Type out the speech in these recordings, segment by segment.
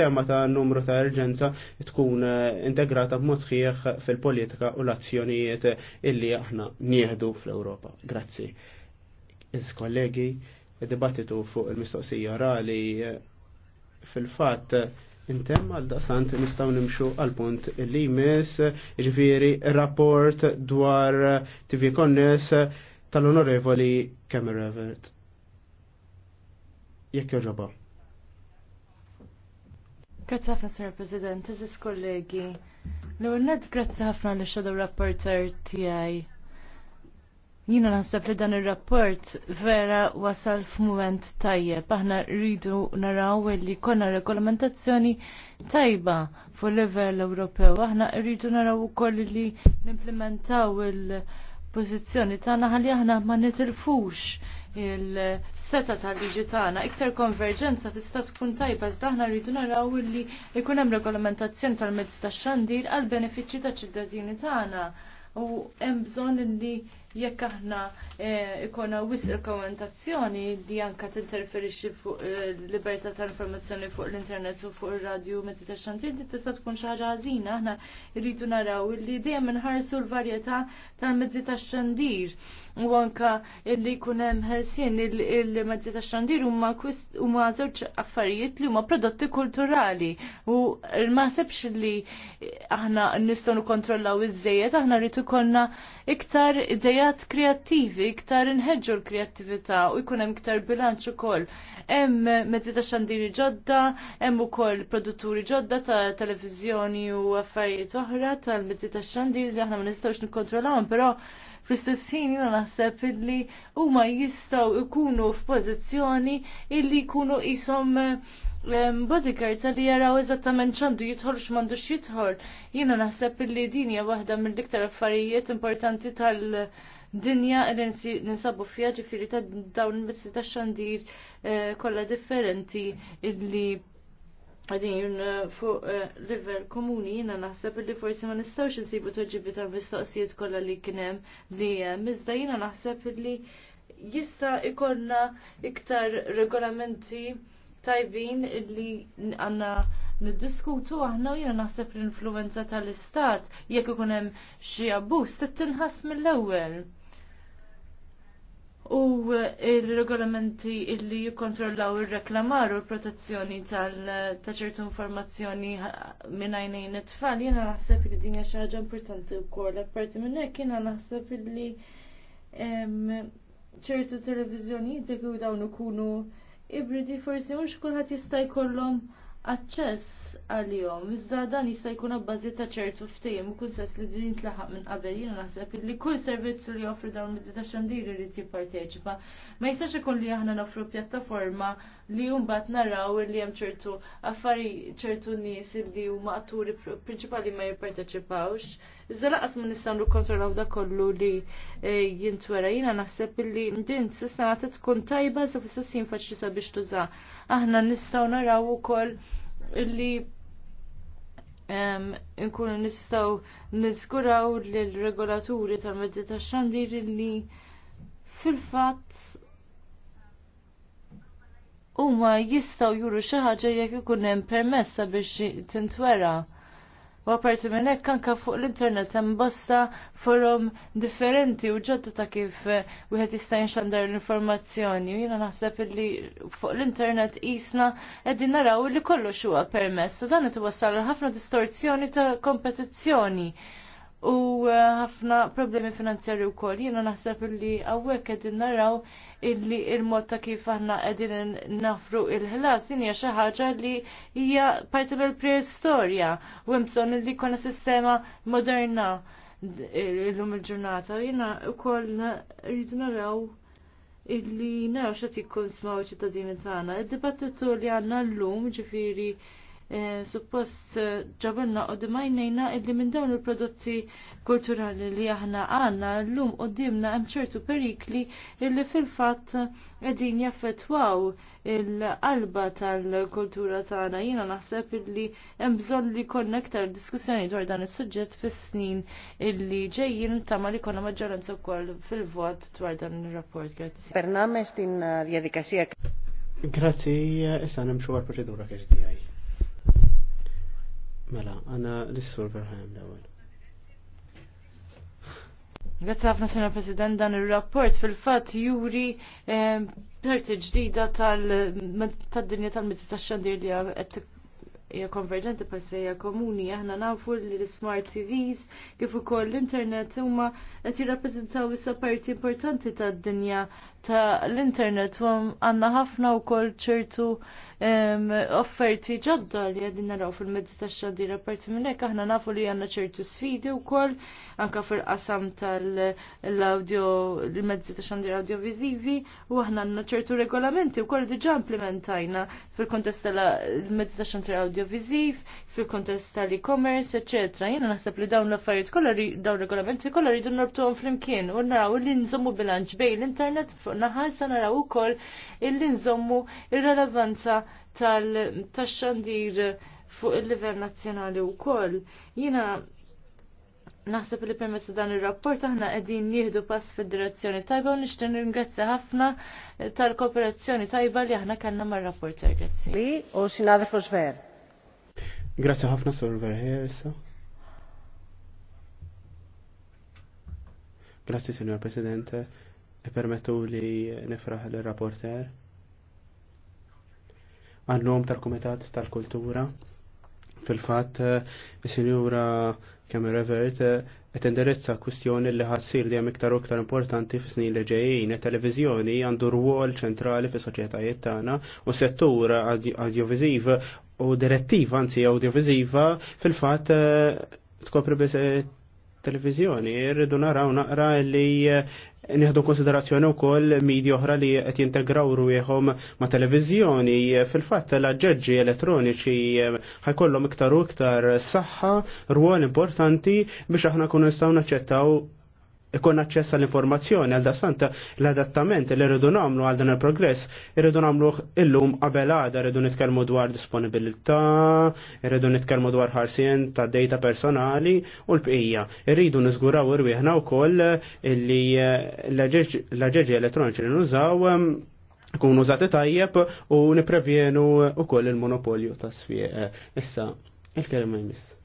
sistema ta' numru ta' erġenza tkun eh, integrata b'mod sħiħ fil-politika u l-azzjonijiet illi aħna nieħdu fl-Ewropa. Grazzi. Iż kollegi, dibattitu fuq il-mistoqsija orali eh, fil-fatt Intem għal daqsant nistaw nimxu għal punt li jmiss ġifiri rapport dwar TV Connes tal-onorevoli Cameron Everett. Jekk joġobaw. Grazzi ħafna, Sir President, eżis kollegi. L-għunnet, grazzi ħafna li xadu rapporter tijaj. Jina naħseb li dan il-rapport vera wasal f'mument tajjeb. Aħna rridu naraw li konna regolamentazzjoni tajba fuq livell Ewropew. Aħna rridu naraw ukoll li nimplementaw il- pożizzjoni tagħna ħalli aħna ma nitilfux il-seta tal-liġi tagħna. Iktar konverġenza tista' tkun tajba iżda aħna rridu naraw illi jkun hemm regolamentazzjoni tal-mezz tax-xandir għall benefiċċji taċ-ċittadini tagħna. U hemm bżonn illi jekk aħna eh, ikona wis rekomendazzjoni li anka tinterferixxi fuq eh, libertà tal-informazzjoni fuq l-internet u fuq ir-radju meta tax-xantir di tista' tkun xi ħaġa ħażina aħna rridu naraw li dejjem inħarsu l-varjetà tal-mezzi tax-xandir u anka illi jkun hemm ħelsien il-mezzi ta' xandir huma huma żewġ affarijiet li huma prodotti kulturali u ma sebx li aħna nistgħu nikkontrollaw iż-żejjed aħna rritu konna iktar idejat kreattivi, iktar inħeġġu l-kreattività u jkun hemm iktar bilanċ ukoll. Hemm mezzi ta' xandiri ġodda, hemm ukoll produtturi ġodda ta' televiżjoni u affarijiet oħra tal-mezzi ta' xandir li aħna ma nistgħux nikkontrollawhom, però Fl-istess ħin jiena naħseb illi huma jistgħu jkunu f'pożizzjoni illi jkunu qishom ehm, bodyguards għalli jaraw eżattament ċandu jitħol x'mandu jitħol. Jiena naħseb illi din hija waħda mill-iktar affarijiet importanti tal-dinja li ninsabu fija ġifieri ta' dawn il-mizzi ta' xandir eh, kollha differenti illi għadin fuq eh, livell komuni jina naħseb li forsi ma nistawx nsibu toġibi tal-mistoqsijiet kollha li kienem li hemm iżda jina naħseb li jista' ikollna iktar regolamenti tajbin li għanna niddiskutu aħna jina naħseb l-influenza tal-istat jekk ikun hemm xi abbuż tittinħass mill-ewwel u il-regolamenti illi jikontrollaw il-reklamar u l-protezzjoni ta' ċertu informazzjoni minnajnejn it-tfal, jena naħseb li dinja xaġa importanti u kol, apparti minnek jena naħseb li ċertu televizjoni dak u dawn ikunu ibridi forsi mhux kulħadd jista' jkollhom aċċess għal-jom, iżda dan jista' jkun abbażi ta' ċertu ftehim u kull sess li din tlaħaq minn qabel jiena naħseb li kull servizz li joffri dawn mizzi ta' xandir irid jipparteċipa. Ma jistax ikun li aħna nofru pjattaforma li jumbat naraw li hemm ċertu affari ċertu nies li huma atturi prinċipali ma jipparteċipawx. Iżda laqas ma nistgħu nikkontrollaw da kollu li eh, jintwera jina naħseb li din sistema qed tkun tajba se fis-sess jinfaċli sabiex tuża. Aħna nistgħu naraw ukoll li nkunu nistgħu niżguraw lill regolaturi tal-medzi tax-xandir li fil-fatt huma jistgħu juru xi ħaġa jekk ikun hemm permessa biex tintwera. U apparti minn hekk anke fuq l-internet hemm bosta forum differenti u ġodda ta' kif eh, wieħed jista' jinxandar l-informazzjoni. Jiena naħseb li fuq l-internet isna qegħdin naraw li kollu huwa permess u dan qed iwassal ħafna distorzjoni ta' kompetizzjoni u eh, ħafna problemi finanzjarji wkoll. Jiena naħseb li hawnhekk qegħdin naraw illi il-mod ta' kif aħna qegħdin nafru il-ħlas din hija xi ħaġa li hija parti mill-preistorja u hemm bżonn li jkollna sistema moderna illum il-ġurnata. Jiena wkoll rridu naraw illi naraw x'qed jikkun smaw ċittadini tagħna. Id-dibattitu li għandna llum ġifieri Eh, suppost eh, ġabilna u dimajnejna illi minn dawn il-prodotti kulturali li aħna għanna l-lum u dimna ċertu perikli illi fil-fat edin jaffetwaw il-qalba tal-kultura tagħna jiena naħseb illi hemm bżonn li konna aktar diskussjoni dwar dan is-suġġett fis-snin illi ġejjin tama li konna maġġoranza wkoll fil-vot dwar dan ir-rapport. Grazzi. Pernames din jadikasija. Eh, Grazzi, issa nimxu għal-proċedura kif tiegħi. Mela, għanna l issur verħajem l-ewel. Grazie għafna, s President, dan il-rapport fil-fat juri eh, parti ġdida tal-dinja tal-medita xandir li għed hija konverġenti pass hija komuni, aħna nafu li l-smart TVs kif ukoll l-internet huma qed jirrappreżentaw issa parti importanti tad-dinja ta' l-internet u għandna ħafna wkoll ċertu offerti ġodda li għadin naraw fil-medzi ta' xandira parti minn hekk aħna nafu li għandna ċertu sfidi wkoll anka fil-qasam tal-audio l-mezzi ta' xandira audiovisivi u aħna għandna ċertu regolamenti wkoll diġà implementajna fil-kontest tal-mezzi ta' xandira audio audiovisiv, fil-kontest tal-e-commerce, etc. Jena naħseb li dawn l-affarijiet kollha dawn regolamenti kollha rridu norbtuhom flimkien u naraw li nżommu bilanċ bejn l-internet fuq naħal sa naraw ukoll illi nżommu ir-relevanza tal tal-tax-xandir fuq il-livell nazzjonali wkoll. Jiena naħseb li permezz dan ir-rapport aħna qegħdin nieħdu pass fid-direzzjoni tajba u nixtieq ningrazzja ħafna tal-kooperazzjoni tajba li aħna kellna mar-rapporter grazzi. Li u xinada prosver. Grazie ħafna Sur Verheersa. Grazie Signor Presidente e permettu li nifraħ l-rapporter. Għannom tal-Komitat tal-Kultura fil-fat il-Sinjura eh, Revert qed eh, indirizza kwistjoni li ħassir li hemm iktar u iktar importanti fis-snin li ġejjin. It-Televizjoni għandu rwol ċentrali fis-soċjetajiet tagħna u settur audiovisiv u direttiva, anzi audiovisiva, fil-fat eh, tkopri bis eh, televizjoni. Irridu naraw naqra li eh, nieħdu konsiderazzjoni wkoll medji oħra li qed jintegraw ruħhom ma' televizjoni. Fil-fatt l-aġġeġġi elettroniċi ħajkollhom iktar u iktar saħħa, rwol importanti biex aħna kunu nistgħu naċċettaw ikon aċċess għall-informazzjoni għal dasanta l-adattament li rridu namlu għal dan il-progress, rridu namlu illum qabel għadha rridu nitkellmu dwar disponibilità, rridu nitkellmu dwar ħarsien ta' data personali u l-bqija. Rridu niżguraw irwieħna wkoll li l-ġeġi elettroniċi li nużaw kun użati tajjeb u niprevjenu u koll il-monopolju ta' swieq. Issa, il-kelma jmiss.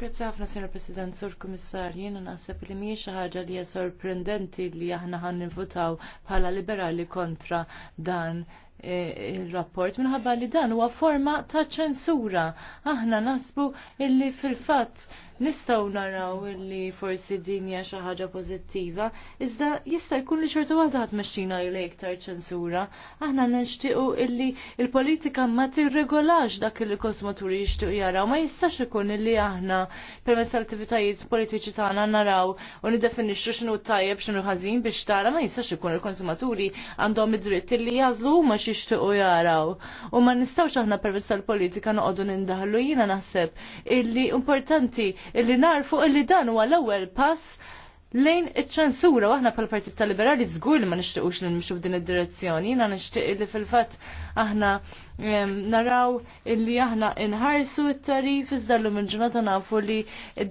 Grazie ħafna, Sr. President, Sur Komissar, jiena naħseb li mhijiex xi ħaġa li hija sorprendenti li aħna ħan nivutaw bħala liberali kontra dan e, il-rapport minħabba li dan huwa forma ta' ċensura. Aħna nasbu illi fil-fatt Nistgħu naraw li forsi din hija xi ħaġa pożittiva, iżda jista' jkun li xorta waħda ħadd mexxina li iktar ċensura. Aħna nixtiequ illi il-politika ma tirregolax dak li konsumaturi jixtiequ jaraw, ma jistax ikun illi aħna permezz tal-attivitajiet politiċi tagħna naraw u niddefinixxu x'inhu tajjeb x'inhu ħażin biex tara ma jistax ikun il-konsumaturi għandhom id-dritt illi jażlu ma xixtiequ jaraw. U ma nistgħux aħna permezz tal-politika noqogħdu nindaħlu jiena naħseb illi importanti illi narfu illi dan huwa l-ewwel pass lejn iċ-ċensura aħna pal partit tal-liberali żgur li ma nixtiequx li nimxu f'din id-direzzjoni, jiena nixtieq li fil-fatt aħna naraw illi aħna inħarsu it-tarif iżda llum minn ġurnata nafu li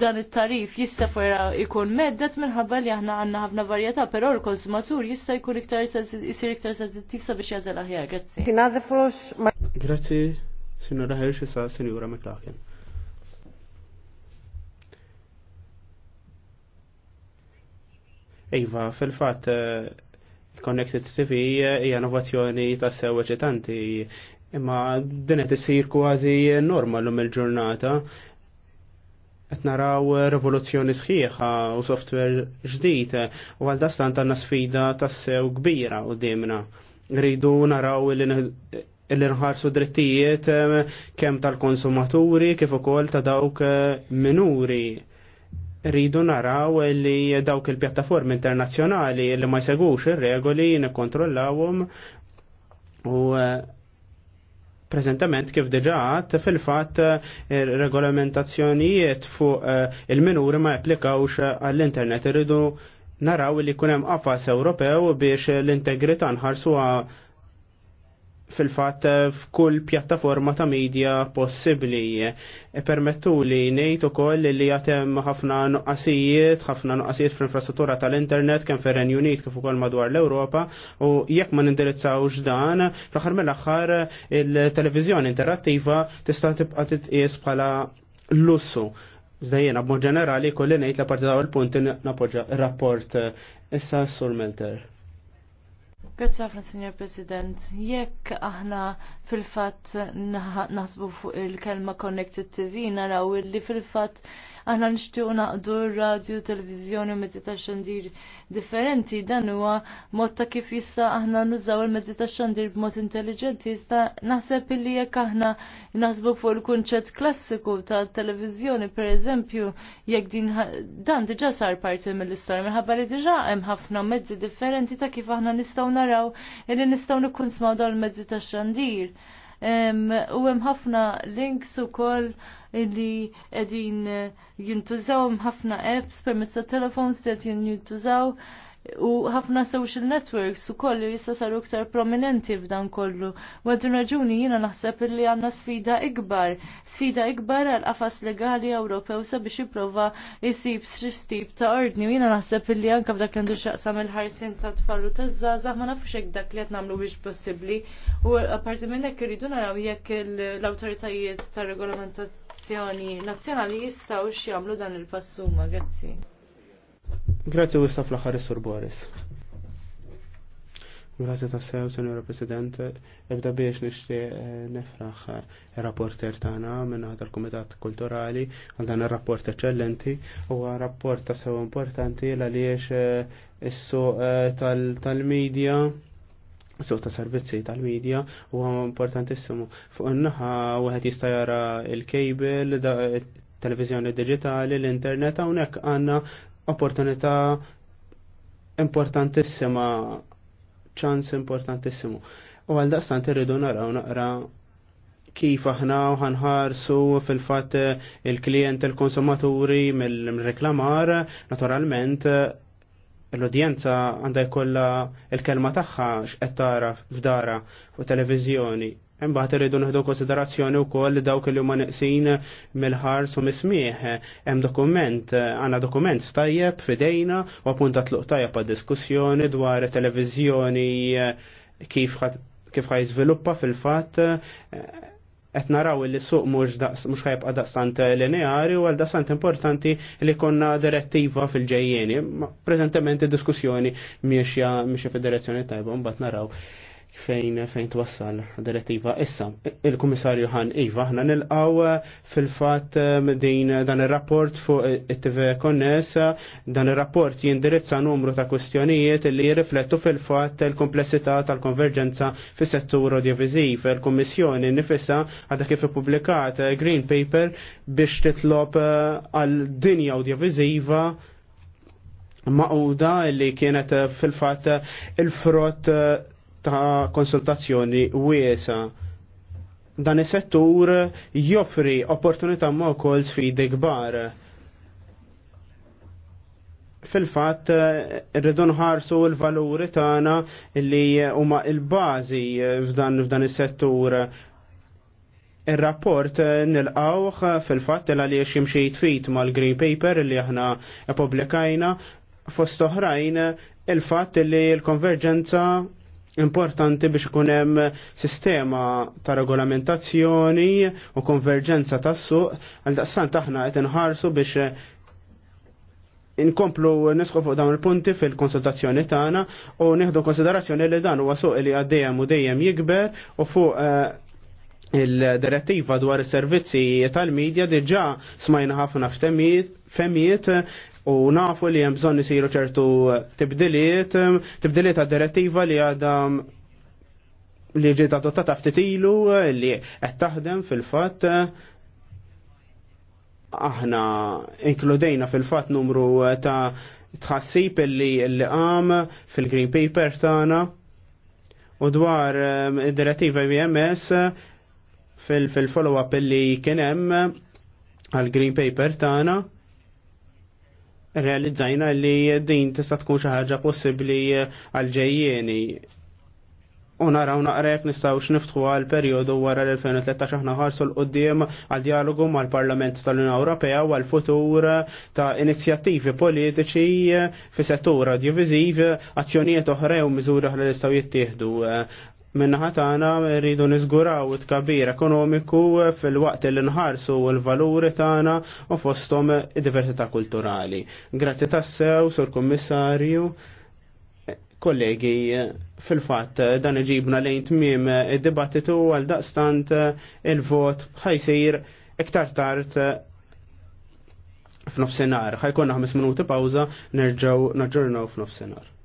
dan it-tarif jista' fora jkun meddet minħabba li aħna għandna ħafna varjetà, però l-konsumatur jista' jkun iktar isir iktar sensittiv sabiex jażel aħjar. Grazzi. Grazzi, Sinjora Hirsch sa Sinjura McLaughlin. Iva, fil-fat, eh, Connected TV hija innovazzjoni ta' sew eċitanti, imma din qed issir kważi normal lum il-ġurnata. Qed naraw rivoluzzjoni sħiħa u software ġdid u għal dastant għandna sfida ta' sew kbira qudiemna. Rridu naraw il nħarsu drittijiet eh, kemm tal-konsumaturi kif ukoll ta' dawk eh, minuri rridu naraw li dawk il-pjattaformi internazzjonali li ma jsegux ir-regoli nikkontrollawhom u eh, prezentament kif diġaħat fil-fat eh, regolamentazzjonijiet fuq eh, il-minuri ma japplikawx għall-internet irridu naraw li kunem qafas Ewropew biex l-integrità nħarsuha fil-fat f'kull pjattaforma ta' media possibli. E permettu li nejt u koll li jatem ħafna nuqqasijiet, ħafna nuqqasijiet fl-infrastruttura tal-internet kemm ferren unit kif ukoll madwar l-Ewropa u jekk ma nindirizzawx dan, fl-aħħar mill-aħħar il-televiżjoni interattiva tista' tibqa' titqies bħala lussu. Zdajjena, b'mod ġenerali, kolli nejt la partidaw il punti napoġġa rapport issa sur Melter. Grazie ħafna, Signor President. Jekk aħna fil-fatt naħsbu fuq il-kelma Connected TV naraw li fil-fatt aħna nixtiequ naqdu r-radju, televizjoni u mezzi ta' xandir differenti dan huwa mod ta' kif jista' aħna nużaw il-mezzi ta' xandir b'mod intelligenti jista' naħseb li jekk aħna naħsbu fuq il-kunċett klassiku ta' televizjoni pereżempju jekk din dan diġà sar parti mill-istorja minħabba li diġà hemm ħafna mezzi differenti ta' kif aħna nistgħu naraw naraw illi nistgħu nikun smaw dal mezzi ta' xandir. U hemm ħafna links ukoll illi qegħdin jintużaw hemm ħafna apps permezz ta' telefons li qed jintużaw u ħafna social networks u kollu jissa saru iktar prominenti f'dan kollu. U għadun raġuni jina naħseb li għanna sfida ikbar, sfida ikbar għal qafas legali Ewropew sabiex jipprova jisib s-sistib ta' ordni u jina naħseb li għanka f'dak l għandu xaqsam il-ħarsin ta' tfallu ta' zazah ma nafux hekk dak li qed nagħmlu biex possibbli. U apparti minn hekk irridu naraw jekk l-awtoritajiet ta' regolamentazzjoni nazzjonali jistgħu x'jagħmlu dan il-passuma. Grazzi. Grazzi u issa fl-aħħar is-Sur Boris. Grazzi ta' sew, Senjora President, ebda biex nixtieq eh, nefraħ ir-rapporter eh, tagħna minn tal-Kumitat Kulturali għal dan ir-rapport eċċellenti huwa rapport ta' sew importanti għaliex eh, is-suq tal-medja suq ta' servizzi tal-medja huwa importantissimu. Fuq in-naħa wieħed jista' jara il-kejbel, televizjoni digitali, l-internet, hawnhekk għandna opportunità importantissima, ċans importantissimu. U għal daqstant irridu naraw naqra kif aħna ħanħarsu fil-fat il-klient, il-konsumaturi mill-reklamar, naturalment l-udjenza għandha jkollha il-kelma tagħha x'qed tara f'dara u televizjoni. Imbagħad iridu nieħdu konsiderazzjoni wkoll dawk li huma neqsin mill-ħars u mismieħ. Hemm dokument, għandna dokument tajjeb f'idejna u appuntat tluq tajjeb għad-diskussjoni dwar televizjoni kif kif ħajżviluppa fil-fatt qed naraw li suq mhux mhux ħajbqa' daqstant lineari u għal daqstant importanti li konna direttiva fil-ġejjeni. Preżentement id-diskussjoni miexja miexja fid-direzzjoni tajba mbagħad naraw fejn fejn twassal direttiva issa. Il-Kummissarju ħan Iva ħna nilqaw eh, fil-fatt eh, din dan ir-rapport fuq eh, it-TV Konness, dan ir-rapport jindirizza numru ta' kwestjonijiet li jirriflettu fil-fatt il-komplessità tal-konverġenza fis-settur audiovisiv. Il-Kummissjoni nifissa għadha kif ippubblikat Green Paper biex titlob għal dinja audiovisiva maquda li kienet fil-fatt il-frott ta' konsultazzjoni wiesa. Dan is-settur joffri opportunità ma' wkoll sfidi kbar. Fil-fatt irridu nħarsu l-valuri tagħna li huma l-bażi f'dan f'dan is-settur. Ir-rapport nilqawh fil-fatt li għaliex jimxi jitfit mal-Green Paper li aħna publikajna fost oħrajn il-fatt li l-konverġenza importanti biex ikun hemm sistema ta' regolamentazzjoni u konverġenza tas-suq għal daqstant aħna qed inħarsu biex inkomplu nisħu fuq dawn il-punti fil-konsultazzjoni tagħna u nieħdu konsiderazzjoni li dan huwa suq li għaddejjem u dejjem jikber u fuq eh, il-direttiva dwar is-servizzi tal-medja diġà smajna ħafna f'temijiet u nafu li hemm bżonn isiru ċertu tibdiliet, tibdiliet għad direttiva li għadha li ġiet adottata ftit ilu li qed taħdem fil-fatt aħna inkludejna fil-fatt numru ta' tħassib li għam fil-Green Paper tagħna u dwar ehm, id-direttiva BMS fil-follow-up li kienem eh, għal-Green Paper tagħna realizzajna li din tista' tkun xi ħaġa possibbli eh, għal-ġejjieni. U naraw naqrek nistgħux niftħu għal perjodu wara l-2013 aħna ħarsu l-qoddim għal dialogu mal-Parlament tal-Unjoni Ewropea u għal-futur eh, ta' inizjattivi politiċi fi settur audiovisiv, azzjonijiet oħra u miżuri oħra li jistgħu jittieħdu minnaħat għana rridu nizguraw it-kabir ekonomiku fil-waqt li nħarsu l-valuri tagħna u fostom diversità kulturali. Grazzi tassew, sur kommissarju, kollegi, fil-fat dan iġibna lejn tmiem id-dibattitu għal daqstant il-vot ħajsir iktar tard f'nofsinhar. Ħajkonna ħames minuti pawża nerġgħu naġġornaw f'nofsinhar.